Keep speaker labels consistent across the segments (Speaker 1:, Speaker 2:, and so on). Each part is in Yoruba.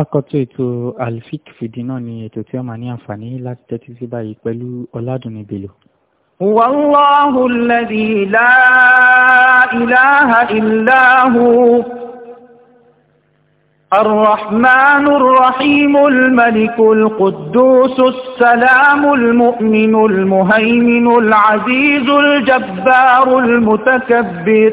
Speaker 1: Akọ̀tún ètò Alfik fìdí náà ni ètò tí ó máa ní àǹfààní láti tẹ́tí sí báyìí pẹ̀lú Ọládùnní Bello. Wàláhù lẹ́dí láìláha ìláhù الرحمن الرحيم الملك القدوس السلام المؤمن المهيمن العزيز الجبار المتكبر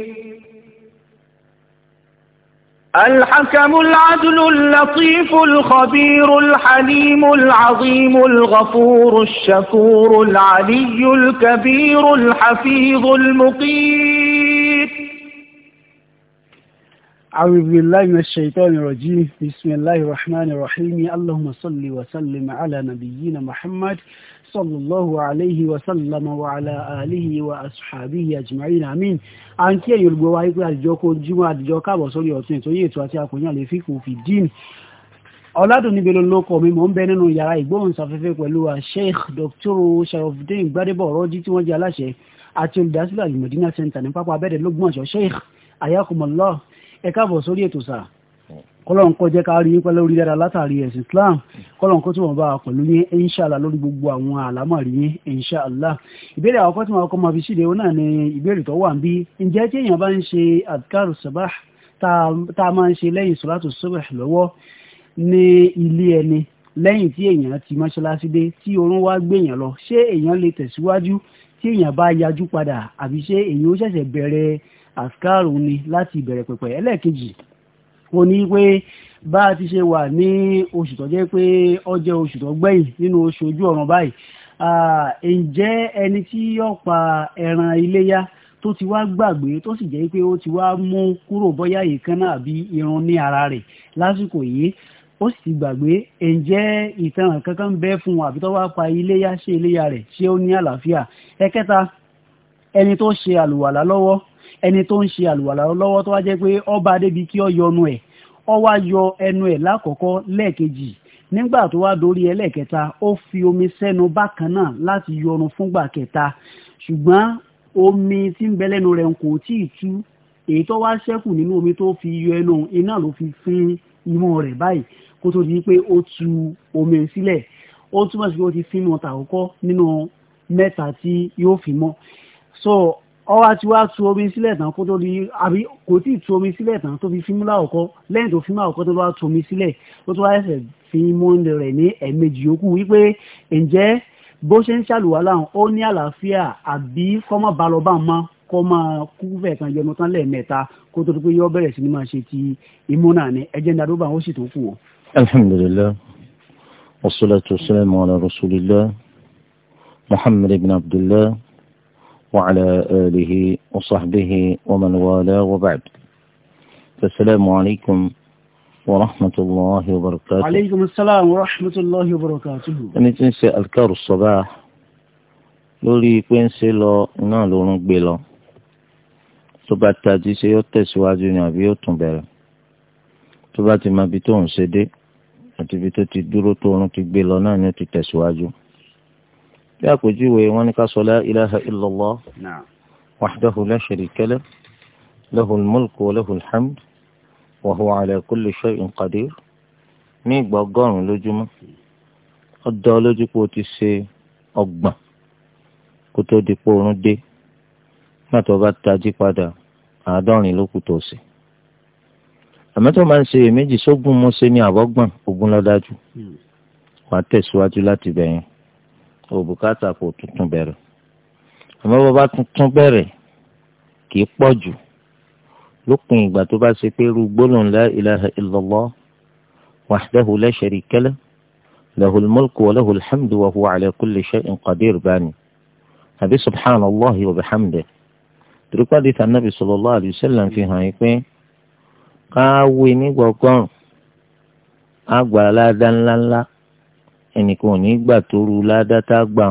Speaker 1: الحكم العدل اللطيف الخبير الحليم العظيم الغفور الشكور العلي الكبير الحفيظ المقيم أعوذ
Speaker 2: بالله من الشيطان
Speaker 1: الرجيم بسم
Speaker 2: الله الرحمن الرحيم اللهم صل وسلم على نبينا محمد صلى الله عليه وسلم وعلى آله وأصحابه أجمعين آمين à ń kí ẹ̀yin olùgbọ́ wa pé àdìjọ́ kó jímọ̀ àdìjọ́ káàbọ̀ sórí ọ̀tún ìtòyí ètò àti àkòyàn lè fi kù fi dín ọ̀làdùnní belo lóko mi mò ń bẹ nínú yàrá ìgbóhùnsáfẹ́fẹ́ pẹ̀lú Sheikh Dr. Sharafdin Gbadebo Ọ̀rọ́jí tí wọ́n jẹ́ aláṣẹ àti olùdásílẹ̀ Al-Madina Center ní pápá abẹ́rẹ́ lọ́gbọ̀nsọ̀ Sheikh ayakumullah ẹ káàbọ̀ sórí ètò sáà kọlọ́n kó jẹ́ ká rí yín pẹ́lú orí dára látàrí ẹ̀sìn islam kọlọ́n kó tí wọ́n bá a pẹ̀lú yín inṣàlá lórí gbogbo àwọn àlámọ̀rí yín inṣàlá ìbéèrè àkọ́kọ́ tí wọ́n kọ́ máa fi ṣíde ó náà ni ìbéèrè tó wà ń bí ǹjẹ́ tí èèyàn bá ń ṣe adkaru sabah tá a máa ń ṣe lẹ́yìn sọ́látù subh lọ́wọ́ ní ilé ẹni lẹ́yìn tí èèyàn ti mọ́ṣáláṣí dé tí oorun wá gbèèyàn lọ ṣé èèyàn lè tẹ̀síwájú tí èèyàn bá yajú padà àbí ṣé èèyàn ó ṣẹ̀ṣẹ̀ bẹ̀rẹ̀ àsìkáàrù ni láti ìbẹ̀rẹ̀ pẹ̀pẹ̀ ẹlẹ́ẹ̀kejì wọ́n ní pé bá a ti ṣe wà ní oṣù tó jẹ́ pé ó jẹ́ oṣù tó gbẹ̀yìn nínú oṣù ojú ọ̀ràn báyìí ǹjẹ́ ẹni tí yóò pa ẹran iléyá tó ti wá gbàgbé tó sì jẹ́ pé ó ti wá mú kúrò bóyá èékánná àbí irun ní ara rẹ̀ lásìkò yìí ó sì ti gbàgbé ǹjẹ́ ìtanràn kankan bẹ́ fún un àbí tó wá pa iléyá ṣe iléyá rẹ̀ ṣé ó ní àlàáfíà ẹ̀kẹta ẹni tó ṣe àlùwàlá lọ́wọ́ ẹni tó ń ṣe àlùwàlà lọ́wọ́ tó wá jẹ́ pé ọba débi kí ọ yọnu ẹ̀ ọ wá yọ ẹnu ẹ̀ lákọ̀ọ́kọ́ lẹ́ẹ̀kejì nígbà tó wá dórí ẹlẹ́ẹ̀kẹta ó fi omi sẹ́nu bákan náà láti yọnu fúngbà kẹta ṣùgbọ́n omi tí ń bẹ lẹ́nu rẹ̀ kò tí ì tú èyí tó wá ṣẹ́kù nínú omi tó fi yọ ẹnu iná ló fi fín imú rẹ̀ báyìí kó tó di pé ó tu omi sílẹ̀ ó túmọ̀ sí pé ó ti fín mọ́ta àkọ́kọ́ nínú mẹ́ta tí yóò fi mọ́ so ọwọ́ àti wá tu omi sílẹ̀ tán kó tó di àbí kò tí ì tu omi sílẹ̀ tán tó fi fímú láwùkọ́ lẹ́yìn tó fímú àwùkọ́ tó wá tu omi sílẹ̀ ó tó wá ẹsẹ̀ fi mú oúnjẹ rẹ̀ ní ẹ̀ẹ̀mejì yòókù wípé ǹjẹ́ bó ṣe ń ṣàlùwà láwọn ó ní àlàáfíà àbí kọ́mọ̀ bá lọ bá mọ́ kọ́ máa kú fẹ̀ kan yọnu tán lẹ́ẹ̀mẹ́ta kó tó di yọ bẹ̀rẹ̀ sí ni máa ṣe ti imú náà ni ẹ̀jẹ̀ ńdàdó bá wọn ó sì tó kù o.
Speaker 3: alhamdulilayi wasalaatu wasalaamu ala rasulillah muhammad ibn abdullah. وعلى آله وصحبه ومن والاه وبعد فالسلام عليكم ورحمة الله وبركاته عليكم
Speaker 2: السلام ورحمة الله وبركاته أنا
Speaker 3: تنسى أذكار الصباح lórí pé ń ṣe lọ iná lórun gbé lọ tó bá tají ṣe yóò tẹ̀síwájú ni àbí yóò tún bẹ̀rẹ̀ tó bá ti mọ ibi tó ń ṣe dé àti ibi tó ti dúró tó orun ti gbé lọ náà ni ó ti tẹ̀síwájú bí àpèjúwe wọn ní ká sọ la ilaha illallah wahdahu la sharika lah lahul mulku wa lahul hamd wa huwa ala kulli shay'in qadir ní ìgbà ọgọ́rùn-ún lójúmọ́ ó dá ọ lójú pé o ti ṣe ọgbọ̀n kó tó di pé oorun dé mọ́tò bá tají padà àádọ́rin ló kù tó ṣe àmọ́ máa ń ṣe èméjì sógun mọ́ṣẹ́ ní àbọ́gbọ̀n ogun lọ́dájú hmm. wàá tẹ̀síwájú láti bẹ̀yẹn òbúkátà kò tuntun bẹ̀rẹ̀ àmọ́ bó bá tuntun bẹ̀rẹ̀ kì í pọ̀ jù lópin ìgbà tó bá ṣe pé irú gbólóhùn la ilaha illallah wahdahu la sharika lah lahul mulku wa lahul hamdu wa huwa ala kulli shay'in qadir bani àbí subhanallahi wa bihamdihi tìrúpàdé tànàbì sallallahu alaihi fi hàn yín pé káwé nígbà ọgọ́rùn-ún àgbà ẹnìkan ò ní gbà tó ru ládàtà gbà